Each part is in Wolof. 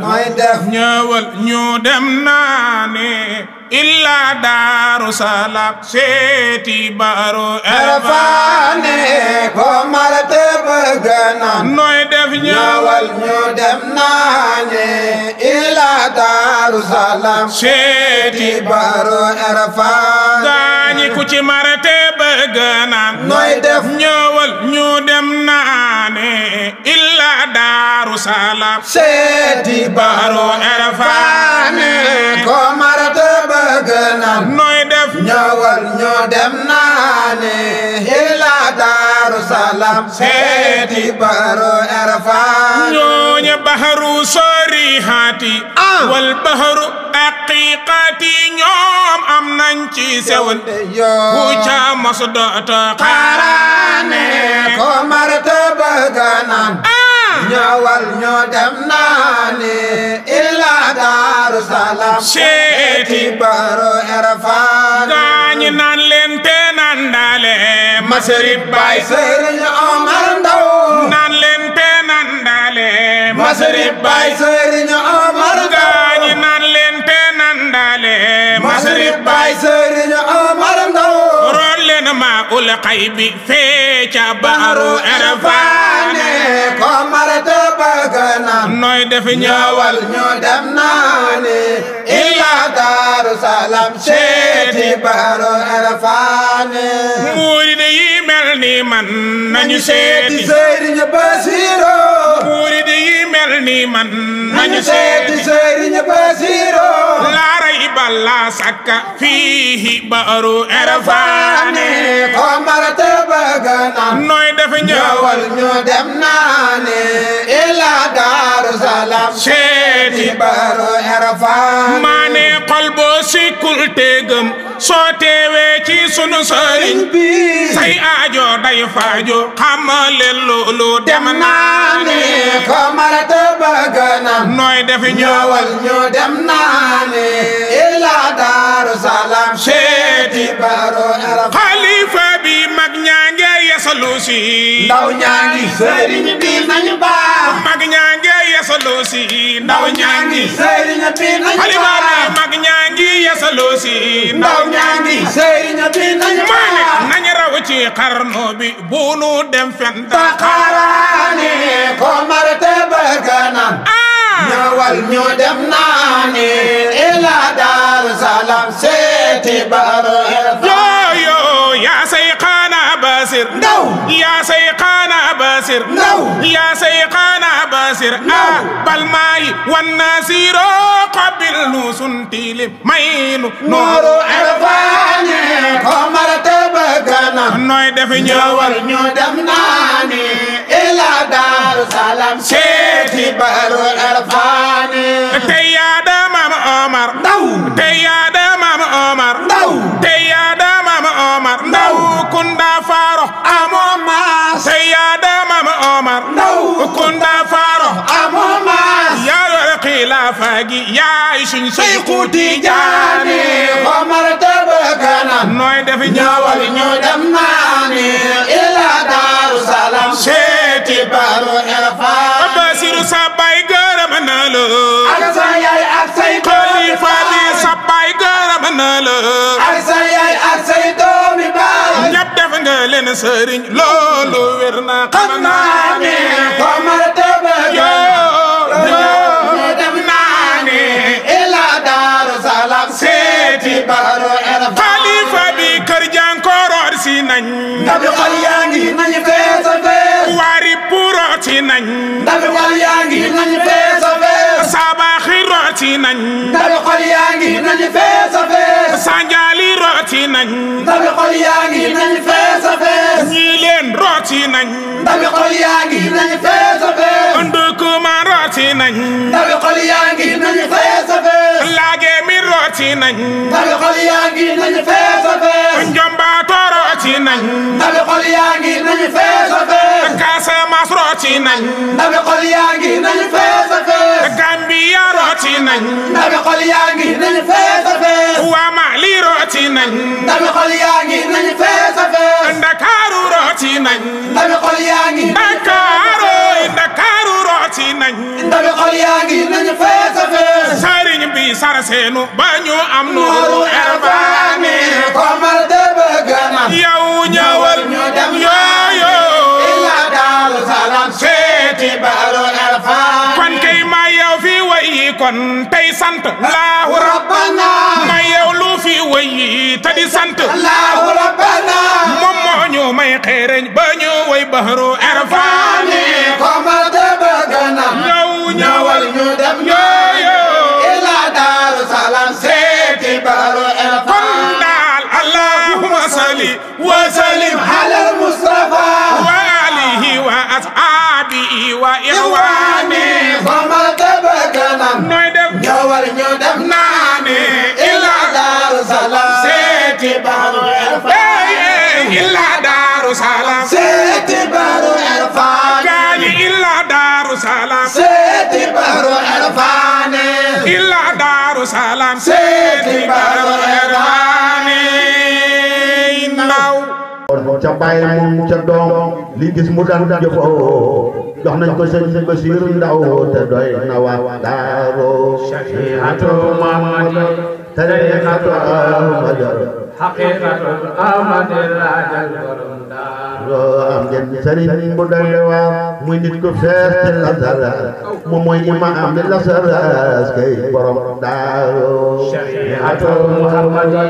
mooy def ñëwal ñu dem naa illa daa daaru salaam seeti baro erafaane ko mala te bëgg nooy def ñëwal ñu dem naane ila daaru salaam seeti baro erafaane gaañi ku ci mara dem naa ne ila daaru salaam seeti ah. wal baharu aqiqaati ñoom am nañ ci sewal ku ca mos dooto xaaraane ko martaba ganaan ah. ñawal naan masarib bay sëriñ Omar naan leen naan daale masarib bay sëriñ Omar gaañi leen te naan daale baaru erfaane ko mar te bëgg nooy def ñëwal ñu dem naani illa daaru salaam si baaru arafaan murid yi mel ni man nañu seeti Sëriñ Basiru murid yi mel ni man nañu seeti Sëriñ Basiru laa rayba laa sakka fiihi baaru arafaan xoomarate bëgganam nooy def ñëwal ñu dem naane ila daaru salaam seeti baaru arafaan maa ne sikkul téegam soo teewee ci sunu sëriñ bi say aajo day faajo xamalel loolu dem naa ne ko marata bëgg na nooy def ñëwal ñu dem naa ne ila daaru salaam seeti baro bi mag ñaange yesalu si ndaw ñaangi sëriñ bi nañu baax mag ñaange yesaloosi ndaw ñaangi sëriñ raw ci xarnu bi bu dem fen da xaaraani ko marte bëgganaan ah! ñawal ñu dem naani ila daaru salaam seeti baro يا سيقان أباسر يا سيقان أباسر أبا الماء والناسير قبل سنتيل مين نور ألفاني قمر تبقنا نوي دفي نيوال نيو دمناني إلى دار سلام شيخي بارو الألفاني تيا دمام عمر تيا Omar ndaw Kunda Faaro ah, am Omar yaa yore xilaafa gi yaay suñ Seyku Tijaani Omar tebe kanam nooy def ñawal ñu dem naani ila Daaru Salaam seeti baro erfa Basiru sa baay gërëm na la ak sa yaay ak say xalifa bi sa baay gërëm na la ak sa yaay ak say doomi baay ñëpp def nga leen sëriñ loolu wér na xam naa ndam yu ngi nañu fees a fees waari purooti nañ ndam yu xol yaa ngi nañ ndam yu xol yaa ngi nañu fees a fees sanjaali rooti nañ ci nañ ndabi xol yaa ngi nañu fees a fees buñ jombaa tooroo ci nañ ndabi xol yaa ngi nañu fees a fees ak Casamance roo ci nañ ndabi xol yaa ngi nañu fees a fees ak Gambia roo ci nañ ndabi xol yaa ngi nañu fees a fees waa Mali roo ci nañ ndabi xol yaa ngi nañu fees a fees Ndakaaru roo ci nañ ndabi xol yaa ngi Ndakaaru Ndakaaru agsi nañ ndawi xol yaa ngi nañu fees a fees sëriñ bi sara seenu am nuuru erfaani komal de bëgg na yow ñëwal ñu dem yooyo ila daaru salaam seeti baalu erfaani kon kay sant laahu rabbana ma kanam ñëw ñëwal ñu dem salaam seeti baru ermaani naw ca baay moom ca doom li gis mu daan jëfoo jox nañ ko sëñ Basiir ndaw te doy na waa daaru saxiixatu Muhammad tariixatu Ahmad xaqiiqatul amadir raajal borom daal. loo am ngeen sëriñ bu doy waar muy nit ku fees te lasaraas moom mooy imaam bi lasaraas kay borom daal. shariatul muhammadi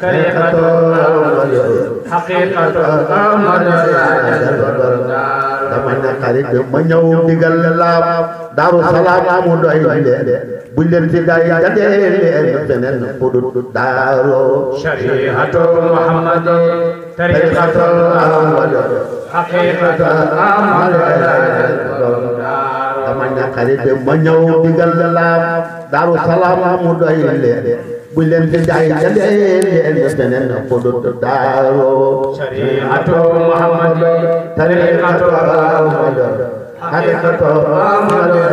xariqatul amadi xaqiiqatul amadir raajal borom daal. dama ne xarit bi ma ñëw digal laam daaru salaam mu doy leen buñ leen ci gay jatee leen feneen fu daaru shari'atu muhammad tariqatu ahmad haqiqatu ahmad dama ne xarit bi ma ñëw bu leen di jaay nga dee leen beneen ko du daaro shari'atu muhammad tariqatu muhammad haqiqatu muhammad la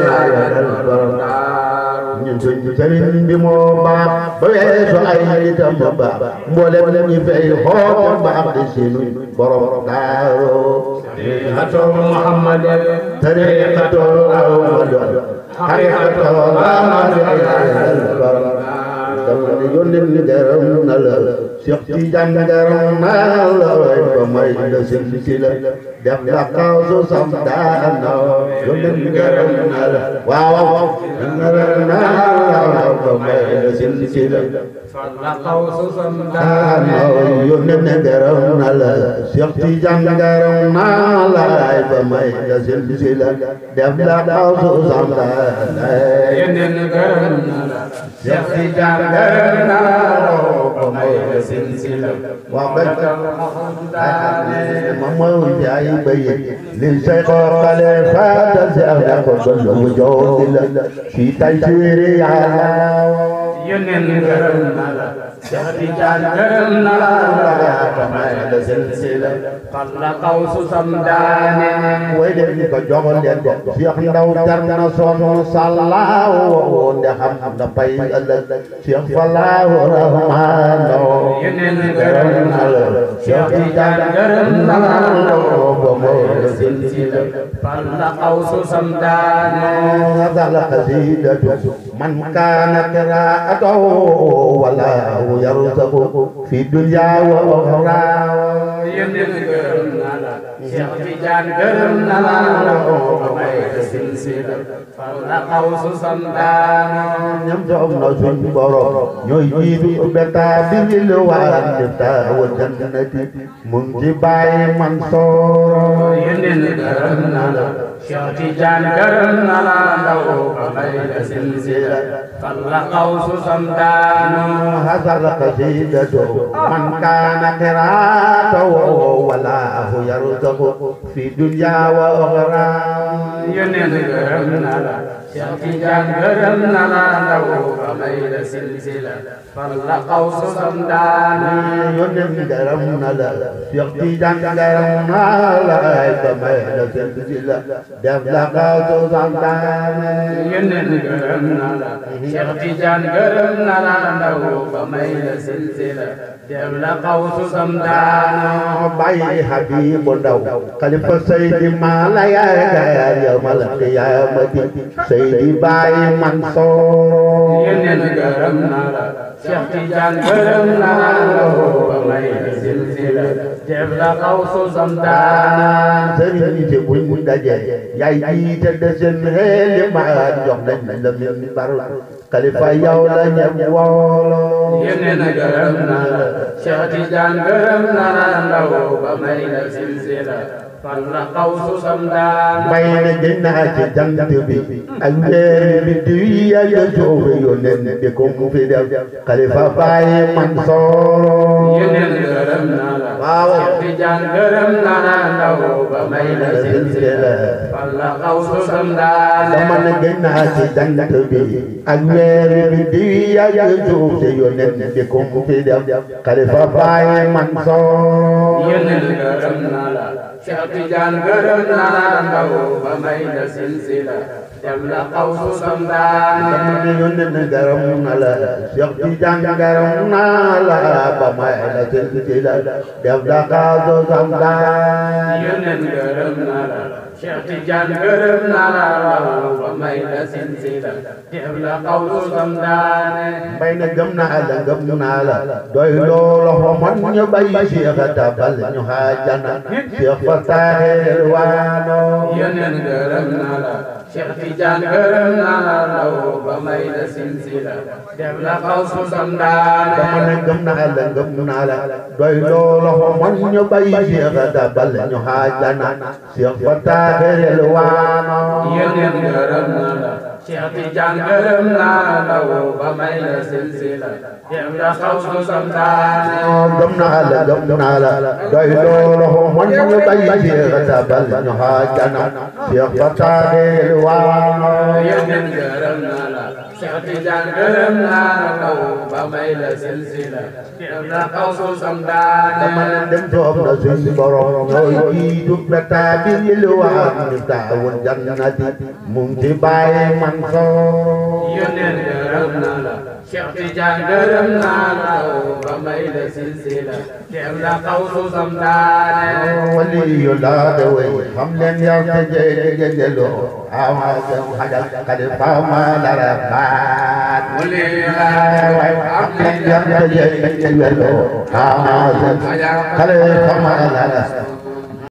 ñun dafa ne yónneen ni garam na la Cheikh Tidiane garam na la way ba may da silsila def la kawsu sam daana yónneen ni garam na la waaw waaw garam na la way ba may da silsila la kawsu sam daana yónneen ni garam na la Cheikh Tidiane garam na la way ba may da silsila def la kawsu sam daana yónneen ni garam na la Cheikh si jàngal naa loo ko may silsila wa bakal maxamdaane ma mawti ay bayit lil cheikh xalifa Cheikh na ko doon bu jooti la ci tajwiri yàlla yeneen gërëm na la gërëm na la yaata may la silsila xalla xawsu samdaane way dem ko jox leen ko Cheikh Ndaw jar na sonn sallaaw nde xam na bay ëllëg Cheikh Falaahu Rahmaano yeneen na la Cheikh Tijaan gërëm na la ko may la silsila xalla xawsu samdaane hadal xasiidatu man kaana qiraa'atahu walaa يرزق في الدنيا والأخرى Cheikh Tidiane gërëm na la la ko may silsila fal na xawsu sandaana ñam jox na suñ borom ñooy jiitu beta bimil waran beta wa jannati mun ci bàyyi man sooro yéen gërëm na la شيخ جان كرن على ضوء غير سلسلة صلى قوس صمدان هذا القصيدة من كان قراءته ولا هو يرتق في دنيا وأخرى ينزل كرن على شيخ جان كرن على ضوء غير سلسلة صلى قوس صمدان ينزل كرن على شيخ جان كرن على ضوء غير سلسلة def la kaw su santaane. yónneen gërëm na la. Cheikh Tidiane gërëm na la ndaw ba may la silsila. def la kaw su santaane. bàyyi Habibu Ndaw. xalifa Seydi Maala yaay gayaar yawmal qiyaamati. Seydi Baye Mansoor. yónneen gërëm na la. Cheikh Tidiane gërëm na la ndaw ba may la silsila. Tebla kausu zamtana Sani sani te kuy kuy daje Yay yi te desen hele ma Jok na jina lam yam baru Khalifa yaw la nyam wala Yene na garam na la Shati jan garam na la Ndawo ba mai la sinsila Tebla kausu zamtana May na jina te jang tebi Angere bi tuyi ya ya jove yonen De kong fidel Khalifa bayi mansoro Yene na garam na waaw tijaan na nana ndaw ba may la silsila walla xaw su sandaane dama ne gëj naa ci jant bi ak weer bi di yàgg suuf te yónneen di ko fi dem xalifa bàyyi man soo yónneen gërëm na la Cheikh Tidiane gërëm naa ndaw ba may na silsila dem na xaw su samdaan dama yónnee ne gërëm na la Cheikh Tidiane gërëm naa la ba may na silsila dem na xaw su samdaan yónnee gërëm naa la Cheikh Tidiane gërëm naa la waaw ba may la seen seetal la xaw sam daane mbay na gëm naa la gëm naa la doy loolo la Cheikh Tidiane ba may la seen seetal ñu bàyyi Cheikh tabal ñu xaajana baaxil waano yeneen gërëm na la Cheikh Tidiane gërëm naa la woo ba may la silsila yem la xaw su santaane gëm naa la gëm naa la doy loolu man ñu bay Cheikh tabal ñu xaajana Cheikh Fatahil waano yeneen gërëm naa Cheikh Tidiane gërëm naa la kaw ba may la silsila dem na kaw suuf sam daane dama ne dem toog na suy si borom mooy jiitu betta bi li wax ni taawun jannati mu ngi bàyyi man soo gërëm naa la Cheikh Tidiane gërëm naa la ba may la silsila la xaw su sam daane wali yu laa de way